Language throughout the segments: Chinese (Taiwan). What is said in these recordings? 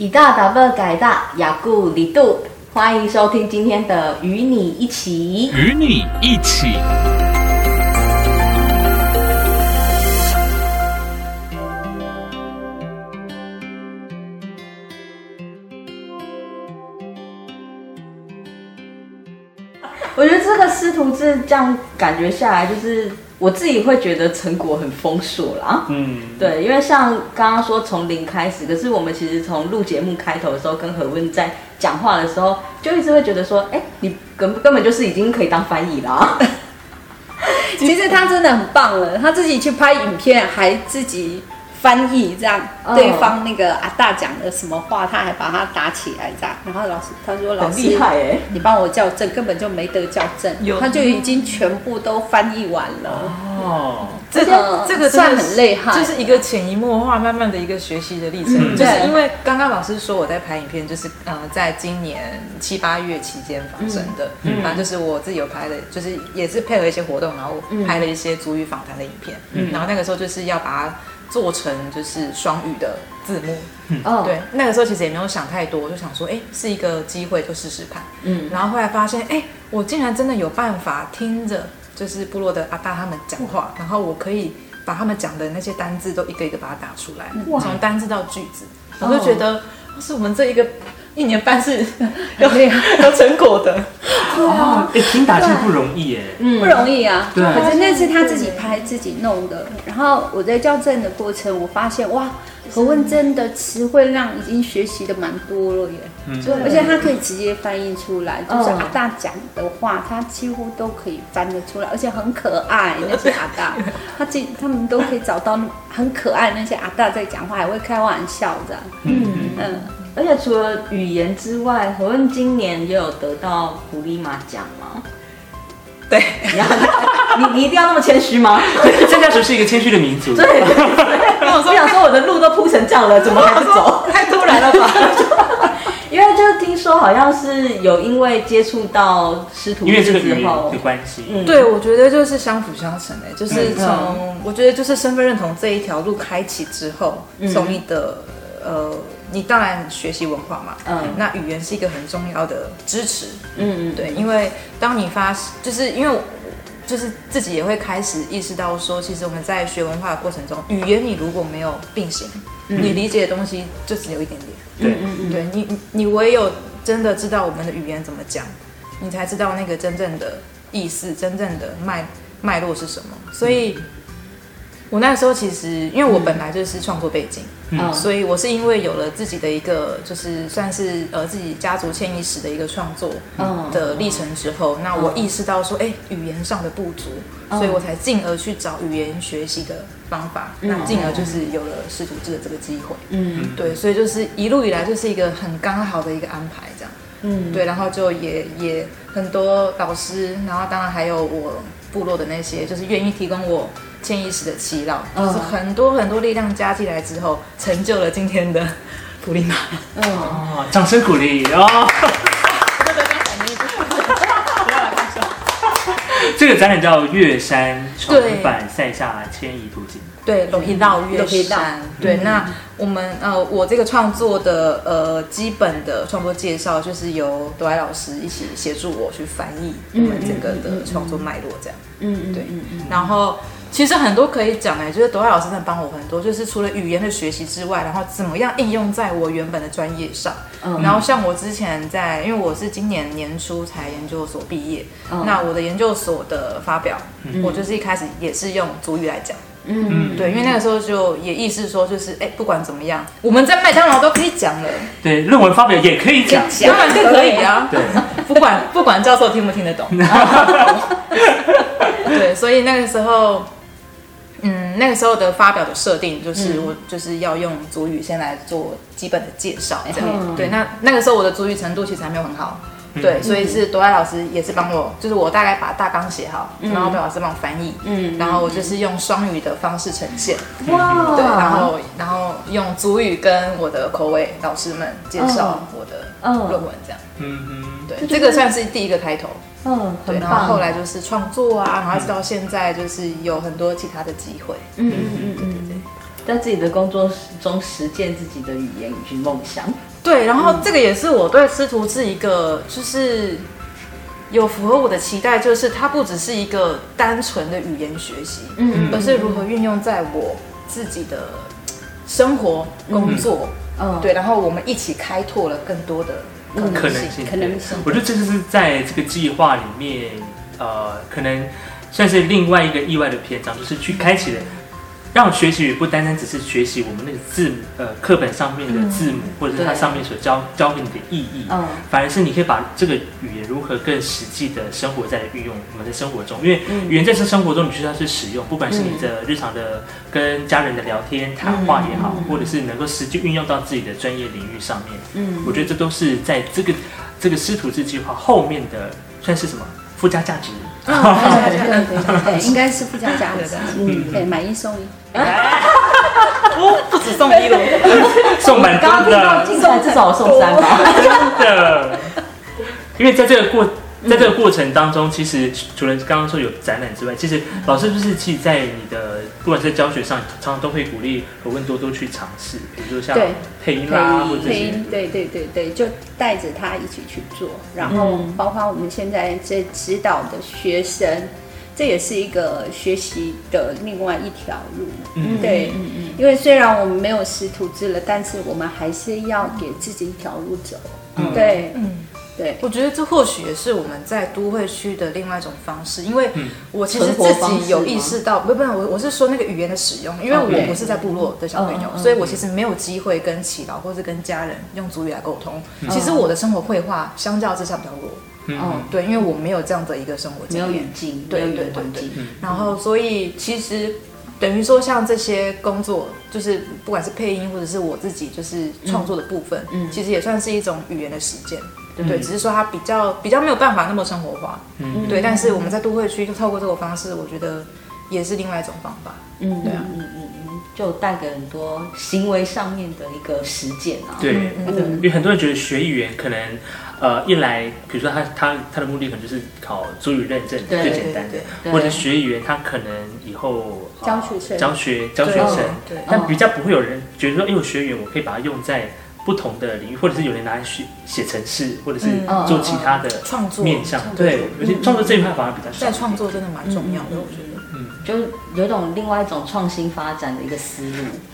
以大打 W 改大雅故里度，歡迎收聽今天的與你一起。與你一起。一起我覺得這個師徒制，這樣感覺下來就是。我自己會覺得成果很豐碩啦，嗯，對，因為像剛剛說從零開始，可是我們其實從錄節目開頭的時候跟何溫在講話的時候，就一直會覺得說，哎，你根根本就是已經可以當翻譯了。其實，其實他真的很棒了，他自己去拍影片，還自己。翻譯這樣，對方那個阿大講的什麼話，哦、他還把它打起來，這樣。然後老師他說老師厲害哎，你幫我校正，根本就沒得校正，有他就已經全部都翻譯完了。嗯、哦，嗯、這這個算很累哈，就是一個潛移默化、慢慢的一個學習的歷程。嗯、就是因為剛剛老師說我在拍影片，就是呃，在今年七八月期間發生的，反正、嗯嗯、就是我自己有拍的，就是也是配合一些活動，然後拍了一些族語訪談的影片。嗯、然後那個時候就是要把它。做成就是雙語的字幕，嗯、對，那個時候其實也沒有想太多，就想說，哎，是一個機會，就試試看。嗯，然後後來發現，哎，我竟然真的有辦法聽着，就是部落的阿爸他們講話，嗯、然後我可以把他們講的那些單字都一個一個把它打出來，哇從單字到句子，我就覺得、哦、是我們這一個。一年半是有有 成果的，啊，也、哦、欸、打擊不容易耶對、嗯，不容易啊。對，可是那是他自己拍自己弄的。對然後我在校正的過程，我發現哇，何文珍的詞彙量已經學習的蠻多了耶。嗯嗎。對而且他可以直接翻譯出來，就是阿大講的話，他幾乎都可以翻得出來，而且很可愛。那些阿大，他自己他們都可以找到很可愛那些阿大在講話，還會開玩笑這樣。嗯嗯。嗯嗯而且除了語言之外，何恩今年也有得到狐狸馬獎嗎？對，你、啊、你，你一定要那麼謙虛嗎？新教授是一個謙虛的民族。對，對，對，我說想說我的路都鋪成這樣了，怎麼還是走？說太突然了吧？對 因為就是聽說好像是有因為接觸到師徒，因為這個領域的關係。嗯、對，我覺得就是相輔相成的就是從、嗯、我覺得就是身份認同這一條路開啟之後，從你的呃。你當然學習文化嘛，嗯，那語言是一個很重要的支持，嗯嗯，對，因為當你發，就是因為就是自己也會開始意識到說，其實我們在學文化的過程中，語言你如果沒有並行，嗯，你理解的東西就只有一點點，對，嗯嗯嗯，對，你，你唯有真的知道我們的語言怎麼講，你才知道那個真正的意思，真正的脈，脈絡是什麼，所以。嗯我那時候其實，因為我本來就是創作背景，嗯，所以我是因為有了自己的一個，就是算是呃自己家族遷移史的一個創作的歷程之後，嗯、那我意識到說，哎、嗯，語言上的不足，嗯、所以我才進而去找語言學習的方法，嗯、那進而就是有了師徒制的這個機會，嗯，對，所以就是一路以來就是一個很剛好的一個安排，這樣，嗯，對，然後就也也很多導師，然後當然還有我部落的那些，就是願意提供我。潛意識的祈禱，就是很多很多力量加進來之後，成就了今天的古力娜。嗯，掌聲鼓勵哦！不要來揮手。哦、 笑這個展覽叫對、嗯《月山重返賽下遷移圖景》，對，一路到月山。對，那我們呃，我這個創作的呃基本的創作介紹，就是由朵愛老師一起協助我去翻譯我們整個的創作脈絡，這樣。嗯，對然後。其實很多可以講的，欸，就是哆啦老師真的幫我很多，就是除了語言的學習之外，然後怎麼樣應用在我原本的專業上。嗯。然後像我之前在，因為我是今年年初才研究所畢業，嗯、那我的研究所的發表，嗯、我就是一開始也是用族語來講。嗯。對，因為那個時候就也意識說，就是哎，不管怎麼樣，我們在麥當勞都可以講了。對，論文發表也可以講，當然，嗯嗯、可以啊。對，不管不管教授聽不聽得懂。對，所以那個時候。嗯，那個時候的發表的設定就是、嗯、我就是要用族語先來做基本的介紹、嗯、這樣。對，那那個時候我的族語程度其實還沒有很好，嗯、對，所以是多愛老師也是幫我，就是我大概把大綱寫好，然後被老師幫我翻譯，嗯，然後我就是用雙語的方式呈現，哇、嗯，嗯、對，然後然後用族語跟我的口委，老師們介紹我的論文這樣。嗯嗯嗯對，這，就是、這個算是第一個開頭，嗯、哦，然後後來就是創作啊，嗯、然後直到現在就是有很多其他的機會，嗯嗯嗯對，對，對，在自己的工作中實踐自己的語言以及夢想。對，然後這個也是我對師徒是一個，就是有符合我的期待，就是它不只是一個單純的語言學習，嗯，而是如何運用在我自己的生活、工作，嗯，嗯對，然後我們一起開拓了更多的。嗯、可能性，我覺得這就是在這個計劃裡面，呃，可能算是另外一個意外的篇章，就是去開啟了。讓學習語不單單只是學習我們那個字，呃，課本上面的字母，嗯、或者是它上面所教教對給你的意義，嗯、反而是你可以把這個語言如何更實際的生活在運用我們的生活中，因為語言在這生活中，你需要去使用，不管是你的日常的跟家人的聊天、嗯、談話也好，或者是能夠實際運用到自己的專業領域上面，嗯，我覺得這都是在這個這個師徒制計劃後面的算是什麼附加價值。嗯，對對對， 應該是附加價值，嗯，對，買一、嗯、送一，送不只送一了，送滿，剛的到進來至少我送三包，真的，因為在這，這個過。在這個過程當中，嗯、其實除了剛剛說有展覽之外，嗯、其實老師不是其實，在你的不管是教學上，常常都會鼓勵和溫多多去嘗試，比如說像配音啦，或者，對配音，對對對對，就帶着他一起去做。然後，包括我們現在這指導的學生，嗯、這也是一個學習的另外一條路。嗯、對，嗯、因為雖然我們沒有師徒制了，但是我們還是要給自己一條路走。嗯、對，嗯。對，我覺得這或許也是我們在都會區的另外一種方式，因為我其實自己有意識到，嗯、不不，我我是說那個語言的使用，因為我不、嗯、是在部落的小朋友，嗯嗯、所以我其實沒有機會跟耆老或者跟家人用族語來溝通。嗯、其實我的生活繪畫相較之下比較多，嗯，嗯，嗯，對，因為我沒有這樣的一個生活經驗沒，沒有語境，對對對對，對對然後所以其實等於說像這些工作，就是不管是配音或者是我自己就是創作的部分，嗯，嗯其實也算是一種語言的實踐。對，只是說他比較比較沒有辦法那麼生活化，嗯，對。但是我們在都會區就透過這種方式，我覺得也是另外一種方法。嗯，對啊，嗯嗯嗯，就帶給很多行為上面的一個實踐啊。對，因為很多人覺得學語言可能，呃，一來，比如說他他他的目的可能就是考族語認證最簡單的，或者學語言他可能以後教學生教學教學生，對。但比較不會有人覺得說，哎，學語言我可以把它用在。不同的領域，或者是有人拿來寫寫程式，或者是做其他的創作面向，對，而且創作這一塊反而比較少，在創作真的蠻重要的，我覺得，嗯，就有一種另外一種創新發展的一個思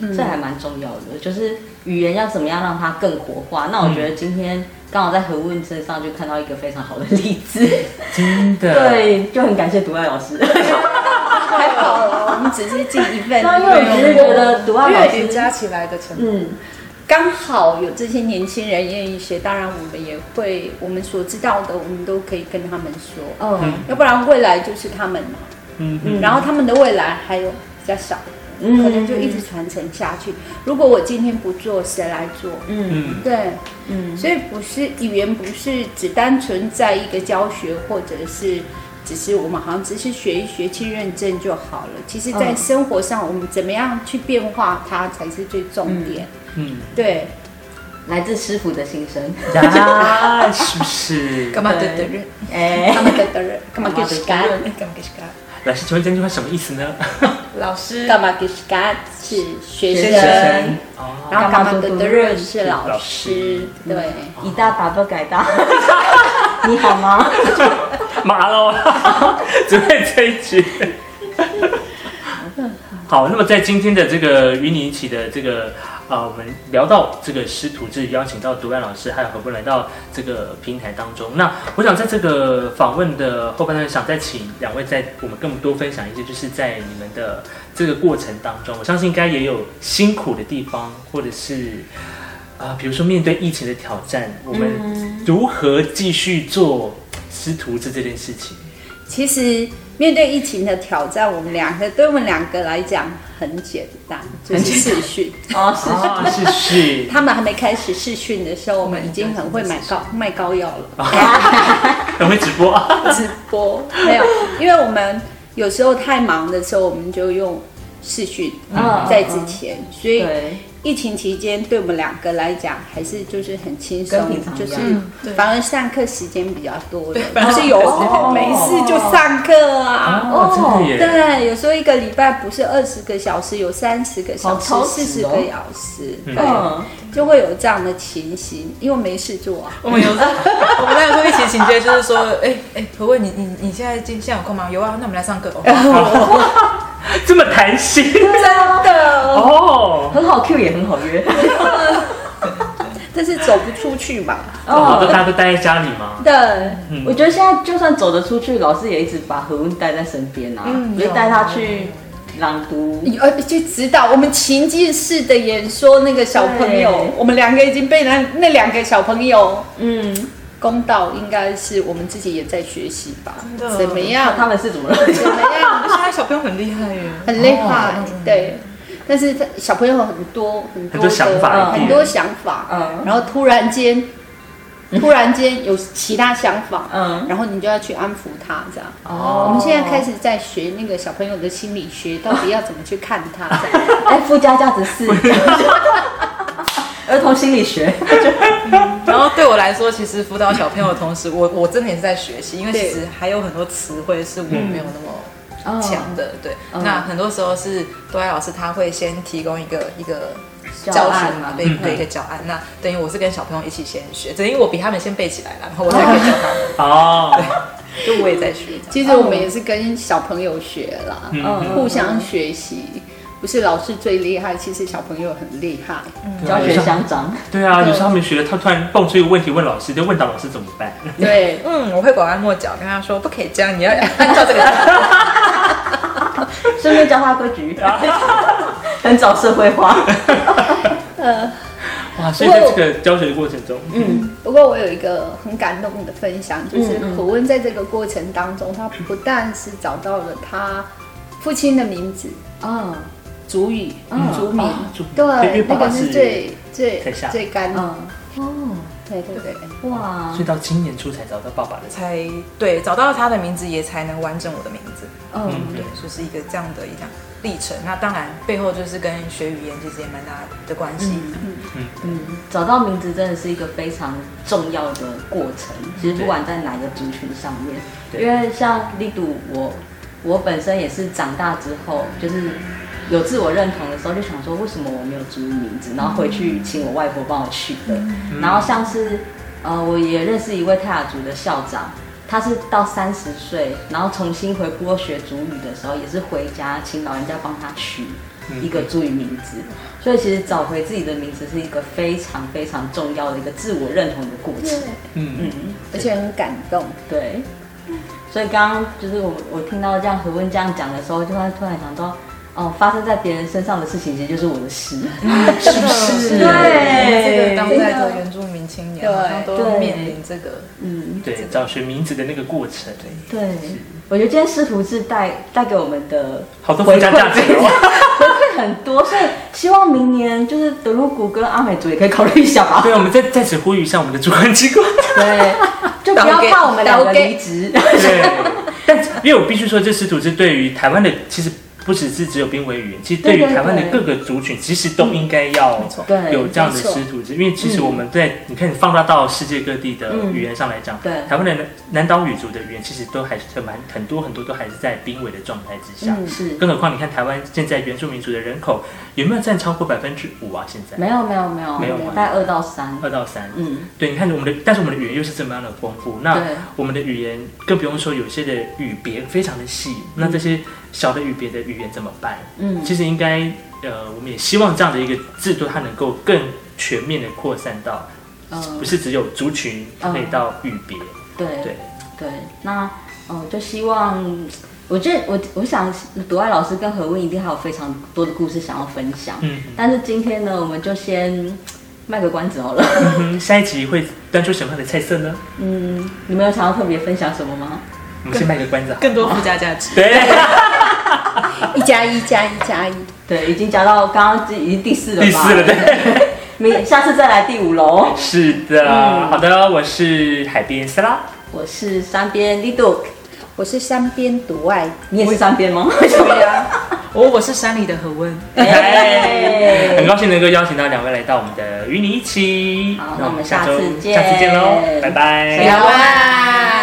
路，這還蠻重要的。就是語言要怎麼樣讓它更活化？那我覺得今天剛好在何文身上就看到一個非常好的例子，真的，對，就很感謝獨愛老師，太好了。我們直接進一份，因為我覺得獨愛老師加起來的成嗯。剛好有這些年輕人願意學，當然我們也會，我們所知道的，我們都可以跟他們說。哦、嗯、要不然未來就是他們嘛。嗯嗯。嗯，然後他們的未來還有比較少，嗯、可能就一直傳承下去。嗯嗯、如果我今天不做，誰來做？嗯嗯，對，嗯。所以不是語言，不是只單純在一個教學，或者是。只是我們好像只是學一學去認證就好了。其實，在生活上，我們怎麼樣去變化它才是最重點。嗯，對。來自師傅的心聲。啊，是不是？噶瑪格德熱，哎，噶瑪格德熱，噶瑪格斯嘎，噶瑪格斯嘎。老師，請問這句話什麼意思呢？老師，噶瑪格斯嘎是學生，哦，然後噶瑪格德熱是老師，對。一大把不改大，你好嗎？麻了，哦，哈哈，準備這一集。好，那麼在今天的這個與你一起的這個啊、呃，我們聊到這個師徒制，邀請到獨愛老師還有何不來到這個平台當中。那我想在這個訪問的後半段，想再請兩位在我們更多分享一些，就是在你們的這個過程當中，我相信應該也有辛苦的地方，或者是啊，比、呃、如說面對疫情的挑戰，我們如何繼續做？師徒制這件事情，其實面對疫情的挑戰，我們兩個對我們兩個來講很簡單，簡單就是視訊哦，視訊， 他們還沒開始視訊的時候，我們已經很會買膏、oh、my 賣膏藥了，很會 直播、啊、直播，沒有，因為我們有時候太忙的時候，我們就用視訊啊，oh, 在之前，所以。疫情期間，對我們兩個來講，還是就是很輕鬆，就是反而上課時間比較多的、嗯，對，反正有、哦、沒事就上課啊。哦，真的耶！對，有時候一個禮拜不是二十個小時，有三十個小時、四十、哦、個小時，對，嗯、就會有這樣的情形，因為沒事做、啊。我們有時候 我們那時候疫情期間就是說，哎、欸、哎，婆、欸、婆你你你現在今現在有空嗎？有啊，那我們來上課。哦這麼彈性，真的哦，很、oh. 好，好 Q 也很好約， 但是走不出去嘛，哦，大家都待在家裡嗎？對，嗯、我覺得現在就算走得出去，老師也一直把何文帶在身邊啊，就帶、嗯、他去朗讀，呃，就指導我們情境式的演說那個小朋友，對我們兩個已經被那那兩個小朋友，嗯。公道應該是我們自己也在學習吧？怎麼樣？他們是怎麼？怎麼樣？現在小朋友很厲害耶！很厲害，對。但是，他小朋友很多很多想法，很多想法。嗯。然後突然間，突然間有其他想法。嗯。然後你就要去安撫他這樣。哦。我們現在開始在學那個小朋友的心理學，到底要怎麼去看他？哎，附加價值。兒童心理學， 然後對我來說，其實輔導小朋友的同時，我我真的也是在學習，因為其實還有很多詞彙是我沒有那麼強的。對，那很多時候是多愛老師他會先提供一個一個教案嘛，對對一個教案，嗯、那等於我是跟小朋友一起先學，等於我比他們先背起來了，然後我再跟着他們。哦對，就我也在學。其實我們也是跟小朋友學啦，嗯、互相學習。嗯不是老師最厲害，其實小朋友很厲害。教學相長，對啊，有時候他們學，他突然蹦出一個問題問老師，就問到老師怎麼辦？對，嗯，我會拐彎抹角跟他說不可以這樣，你要按照這個，順便教他規矩，很早社會化。嗯，哇，所以在這個教學過程中，嗯，不過我有一個很感動的分享，就是可溫在這個過程當中，他不但是找到了他父親的名字，啊。族語，族名，對，那個是最最最幹的。哦，對對對，哇，所以到今年初才找到爸爸的，才對，找到他的名字也才能完整我的名字，嗯，對，就是一個這樣的一趟歷程。那當然背後就是跟學語言其實也蠻大的關係。嗯嗯，找到名字真的是一個非常重要的過程，其實不管在哪個族群上面，對，因為像力度，我，我本身也是長大之後就是。有自我認同的時候，就想說為什麼我沒有族語名字，然後回去請我外婆幫我取的。嗯、然後像是呃，我也認識一位泰雅族的校長，他是到三十歲，然後重新回部落學族語的時候，也是回家請老人家幫他取一個族語名字。嗯、所以其實找回自己的名字是一個非常非常重要的一個自我認同的過程。嗯嗯，嗯而且很感動。對，對。所以剛剛就是我我聽到這樣何文這樣講的時候，就突然想到。哦，發生在別人身上的事情其實就是我的事，是不是？對，這個當代的原住民青年，好像都面臨這個，嗯，對，找學名字的那個過程。對，我覺得今天師徒制帶帶給我們的好多附加價值哇，很多。所以希望明年就是德魯古跟阿美族也可以考慮一下吧。對，我們再再次呼籲一下我們的主管機構，對，就不要怕我們的離職。對，但因為我必須說，這師徒制對於台灣的其實。不只是只有瀕危語言，其實對於台灣的各個族群，對對對，其實都應該要有這樣的師徒制，嗯、因為其實我們在你看你放大到世界各地的語言上來講、嗯，對台灣的南島語族的語言，其實都還是蠻很多很多都還是在瀕危的狀態之下。嗯、是，更何況你看台灣現在原住民族的人口有沒有佔超過百分之五啊？現在沒有沒有沒有，大概二到三。二到三，嗯，對，你看我們的，但是我們的語言又是這麼樣的豐富，對那我們的語言更不用說，有些的語別非常的細，嗯、那這些。小的語別的語言怎麼辦？嗯，其實應該，呃，我們也希望這樣的一個制度，它能夠更全面的擴散到，呃、不是只有族群可以到語別。呃、對對對，那哦、呃，就希望，我覺得我我想，獨愛老師跟何文一定還有非常多的故事想要分享。嗯，嗯，但是今天呢，我們就先賣個關子好了，嗯。下一集會端出什麼樣的菜色呢？嗯，你們有想要特別分享什麼嗎？我們先賣個關子，更多附加價值。對，一加一加一加一，對，已經加到剛剛已經第四了。第四了，對。下次再來第五樓。是的，好的，我是海邊斯拉，我是山邊立度，我是山邊獨愛，你也是山邊嗎？會我，我是山裡的何溫。哎，很高興能夠邀請到兩位來到我們的語你一起。好，那我們下次見，下次見嘍，拜拜。